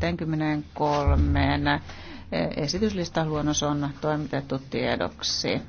23. luonnos on toimitettu tiedoksi.